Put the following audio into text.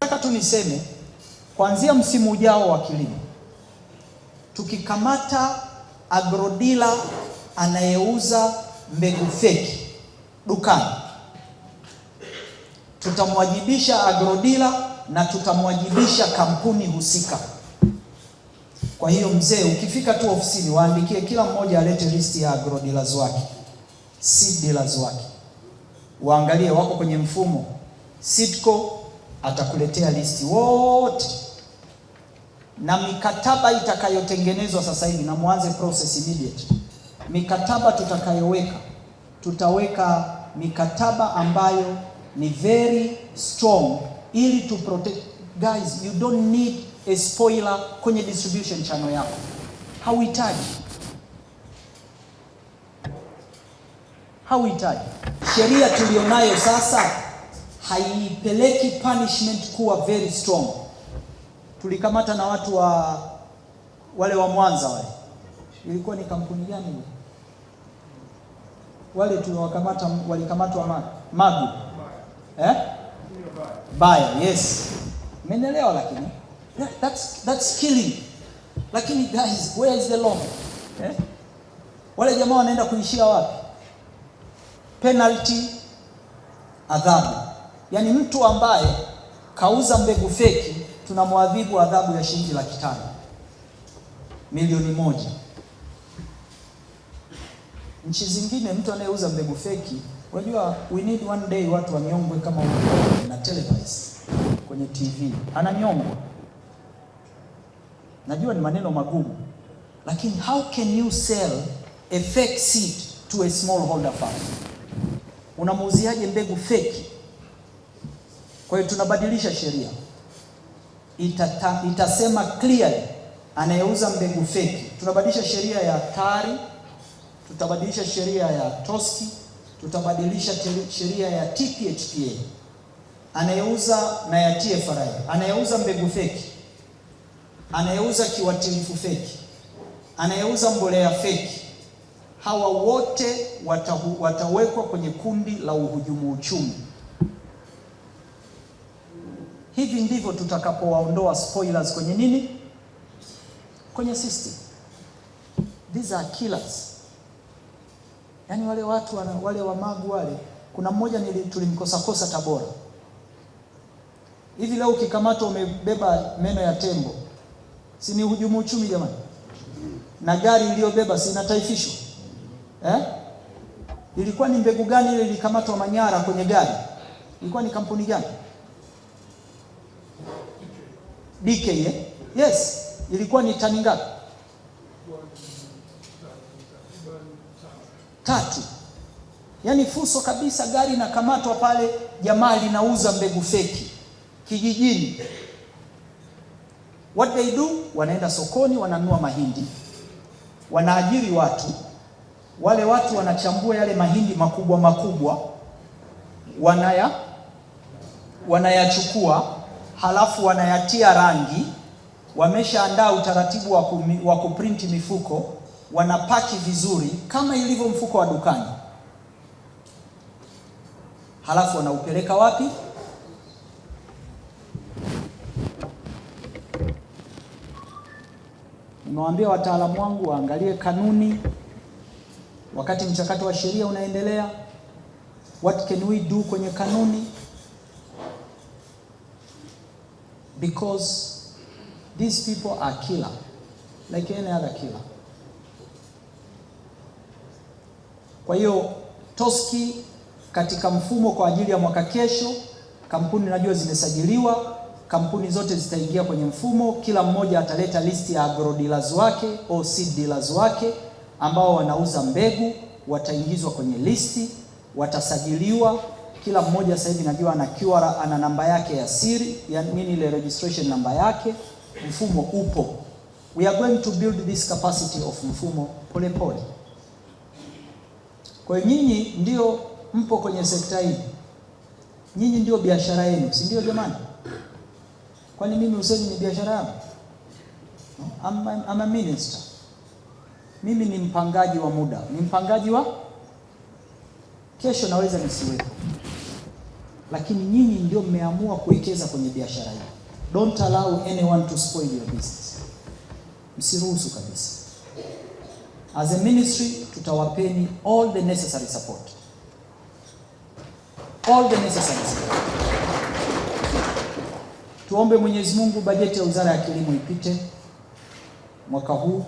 Nataka tu niseme kuanzia msimu ujao wa kilimo, tukikamata agrodila anayeuza mbegu feki dukani, tutamwajibisha agrodila na tutamwajibisha kampuni husika. Kwa hiyo mzee, ukifika tu ofisini, waandikie kila mmoja alete listi ya agrodilas wake, seed dealers wake, waangalie wako kwenye mfumo Sitco atakuletea listi wote na mikataba itakayotengenezwa sasa hivi, na muanze process immediate. Mikataba tutakayoweka, tutaweka mikataba ambayo ni very strong, ili tu protect guys. You don't need a spoiler kwenye distribution channel yako, hauhitaji hauhitaji. Sheria tulionayo sasa haipeleki punishment kuwa very strong. Tulikamata na watu wa wale wa Mwanza wale, ilikuwa ni kampuni gani wale tuliwakamata, walikamatwa Magu eh? Baya, yes, menelewa Lakini that's, that's killing. Lakini guys, where is the law eh? Wale jamaa wanaenda kuishia wapi? Penalty, adhabu Yaani mtu ambaye kauza mbegu feki tunamwadhibu adhabu ya shilingi laki tano milioni moja. Nchi zingine mtu anayeuza mbegu feki, unajua we need one day watu wanyongwe kama na television kwenye TV ananyongwa. Najua ni maneno magumu, lakini how can you sell a fake seed to a holder farm? Unamuuziaje mbegu feki kwa hiyo tunabadilisha sheria, itata, itasema clearly anayeuza mbegu feki. Tunabadilisha sheria ya TARI, tutabadilisha sheria ya TOSCI, tutabadilisha sheria ya TPHPA anayeuza na ya TFRA, anayeuza mbegu feki, anayeuza kiuatilifu feki, anayeuza mbolea feki, hawa wote watahu, watawekwa kwenye kundi la uhujumu uchumi. Hivi ndivyo tutakapowaondoa spoilers kwenye nini, kwenye system. These are killers. Yaani wale watu wana, wale wamagu wale, kuna mmoja tulimkosakosa Tabora. Hivi leo ukikamatwa umebeba meno ya tembo, si ni hujumu uchumi jamani? Na gari iliyobeba si inataifishwa eh? Ilikuwa ni mbegu gani ile ilikamatwa Manyara kwenye gari? Ilikuwa ni kampuni gani? BK eh? Yes, ilikuwa ni tani ngapi? Tatu. Yaani fuso kabisa, gari inakamatwa pale, jamaa linauza mbegu feki kijijini. What they do, wanaenda sokoni wananua mahindi, wanaajiri watu. Wale watu wanachambua yale mahindi makubwa makubwa, wanaya wanayachukua halafu wanayatia rangi. Wameshaandaa utaratibu wa, wa kuprinti mifuko, wanapaki vizuri kama ilivyo mfuko wa dukani, halafu wanaupeleka wapi? Nimewaambia wataalamu wangu waangalie kanuni wakati mchakato wa sheria unaendelea. What can we do kwenye kanuni because these people are killer like any other killer. Kwa hiyo Toski katika mfumo kwa ajili ya mwaka kesho, kampuni najua zimesajiliwa, kampuni zote zitaingia kwenye mfumo. Kila mmoja ataleta listi ya agro dealers wake au seed dealers wake ambao wanauza mbegu, wataingizwa kwenye listi, watasajiliwa kila mmoja sasa hivi najua ana QR, ana namba yake ya siri, nini, ile registration namba yake. Mfumo upo, we are going to build this capacity of mfumo polepole. Kwa nyinyi ndio mpo kwenye sekta hii, nyinyi ndio biashara yenu, si ndio jamani? Kwani mimi useni ni biashara yangu? I'm, I'm a minister. Mimi ni mpangaji wa muda, ni mpangaji wa kesho, naweza nisiwepo lakini nyinyi ndio mmeamua kuwekeza kwenye biashara hii. Don't allow anyone to spoil your business. Msiruhusu kabisa. As a ministry tutawapeni all the necessary support. All the necessary support. Tuombe Mwenyezi Mungu bajeti ya Wizara ya Kilimo ipite mwaka huu